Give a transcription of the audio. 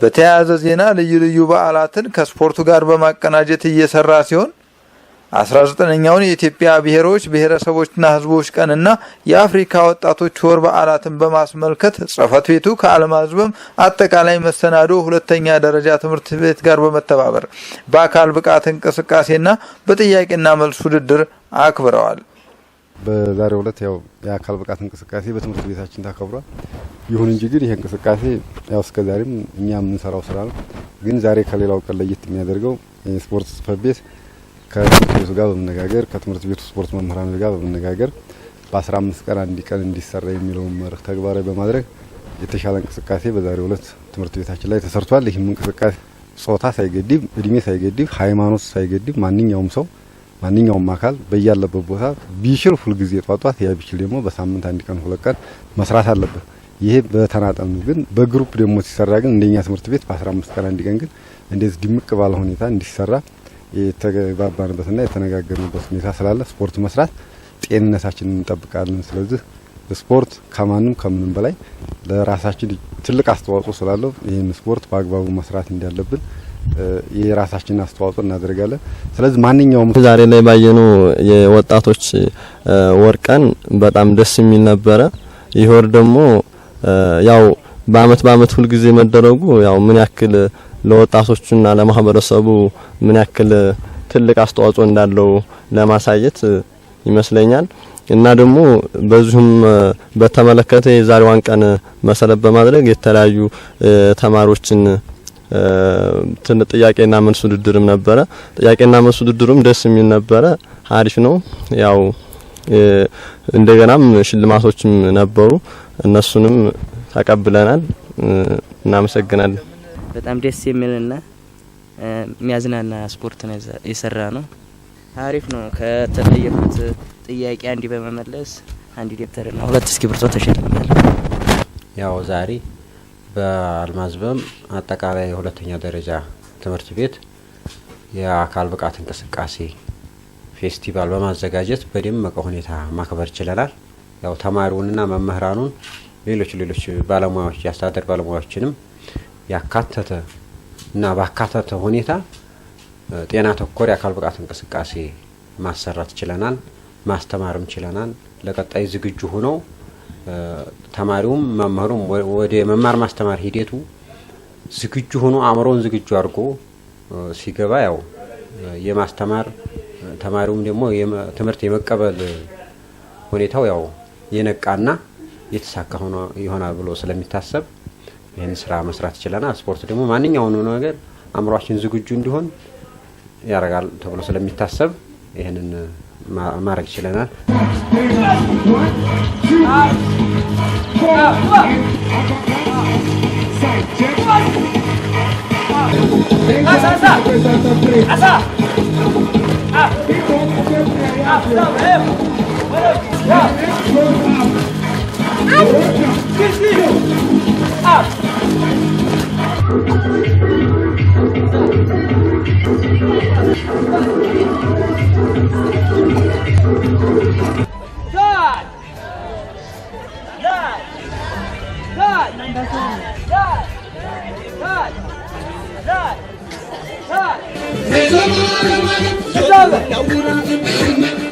በተያያዘ ዜና ልዩ ልዩ በዓላትን ከስፖርቱ ጋር በማቀናጀት እየሰራ ሲሆን 19ኛውን የኢትዮጵያ ብሔሮች ብሔረሰቦችና ሕዝቦች ቀንና የአፍሪካ ወጣቶች ወር በዓላትን በማስመልከት ጽፈት ቤቱ ከአለም አጠቃላይ መሰናዶ ሁለተኛ ደረጃ ትምህርት ቤት ጋር በመተባበር በአካል ብቃት እንቅስቃሴና በጥያቄና መልስ ውድድር አክብረዋል። በዛሬው ዕለት ያው የአካል ብቃት እንቅስቃሴ በትምህርት ቤታችን ተከብሯል። ይሁን እንጂ ግን ይሄ እንቅስቃሴ ያው እስከዛሬም እኛ የምንሰራው ስራ ነው። ግን ዛሬ ከሌላው ቀን ለየት የሚያደርገው የስፖርት ጽህፈት ቤት ከትምህርት ቤቱ ጋር በመነጋገር ከትምህርት ቤቱ ስፖርት መምህራን ጋር በመነጋገር በ15 ቀን አንድ ቀን እንዲሰራ የሚለውን መርህ ተግባራዊ በማድረግ የተሻለ እንቅስቃሴ በዛሬው ዕለት ትምህርት ቤታችን ላይ ተሰርቷል። ይህም እንቅስቃሴ ጾታ ሳይገድብ፣ እድሜ ሳይገድብ፣ ሃይማኖት ሳይገድብ ማንኛውም ሰው ማንኛውም አካል በያለበት ቦታ ቢችል ሁልጊዜ ጧጧት ያ ቢችል ደግሞ በሳምንት አንድ ቀን ሁለት ቀን መስራት አለበት። ይሄ በተናጠኑ ግን በግሩፕ ደግሞ ሲሰራ ግን እንደኛ ትምህርት ቤት በ15 ቀን አንድ ቀን ግን እንደዚህ ድምቅ ባለ ሁኔታ እንዲሰራ የተግባባንበትና የተነጋገርንበት ሁኔታ ስላለ ስፖርት መስራት ጤንነታችንን እንጠብቃለን። ስለዚህ ስፖርት ከማንም ከምንም በላይ ለራሳችን ትልቅ አስተዋጽኦ ስላለው ይህን ስፖርት በአግባቡ መስራት እንዳለብን የራሳችንን አስተዋጽኦ እናደርጋለን። ስለዚህ ማንኛውም ዛሬ ላይ ባየኑ የወጣቶች ወርቀን በጣም ደስ የሚል ነበረ። ይህ ወር ደግሞ ያው በአመት በአመት ሁልጊዜ መደረጉ ያው ምን ያክል ለወጣቶቹና ለማህበረሰቡ ምን ያክል ትልቅ አስተዋጽኦ እንዳለው ለማሳየት ይመስለኛል። እና ደግሞ በዚሁም በተመለከተ የዛሬዋን ቀን መሰረት በማድረግ የተለያዩ ተማሪዎችን ትን ጥያቄና መልስ ውድድርም ነበረ። ጥያቄና መልስ ውድድሩም ደስ የሚል ነበረ፣ አሪፍ ነው። ያው እንደገናም ሽልማቶችም ነበሩ። እነሱንም ተቀብለናል። እናመሰግናለን። በጣም ደስ የሚልና የሚያዝናና ስፖርት ነው የሰራ ነው። አሪፍ ነው። ከተጠየቁት ጥያቄ አንድ በመመለስ አንድ ደብተርና ሁለት እስክሪብቶ ተሸልመናል። ያው ዛሬ በአልማዝበም አጠቃላይ የሁለተኛ ደረጃ ትምህርት ቤት የአካል ብቃት እንቅስቃሴ ፌስቲቫል በማዘጋጀት በደመቀ ሁኔታ ማክበር ችለናል። ያው ተማሪውንና መምህራኑን ሌሎች ሌሎች ባለሙያዎች የአስተዳደር ባለሙያዎችንም ያካተተ እና ባካተተ ሁኔታ ጤና ተኮር የአካል ብቃት እንቅስቃሴ ማሰራት ችለናል፣ ማስተማርም ችለናል። ለቀጣይ ዝግጁ ሆነው ተማሪውም መምህሩም ወደ መማር ማስተማር ሂደቱ ዝግጁ ሆኖ አእምሮውን ዝግጁ አድርጎ ሲገባ ያው የማስተማር ተማሪውም ደግሞ ትምህርት የመቀበል ሁኔታው ያው የነቃና የተሳካ ይሆናል ብሎ ስለሚታሰብ ይህን ስራ መስራት ይችለናል። ስፖርት ደግሞ ማንኛውም ነገር አእምሯችን ዝግጁ እንዲሆን ያደርጋል ተብሎ ስለሚታሰብ ይህንን ማድረግ ይችለናል። Resolve!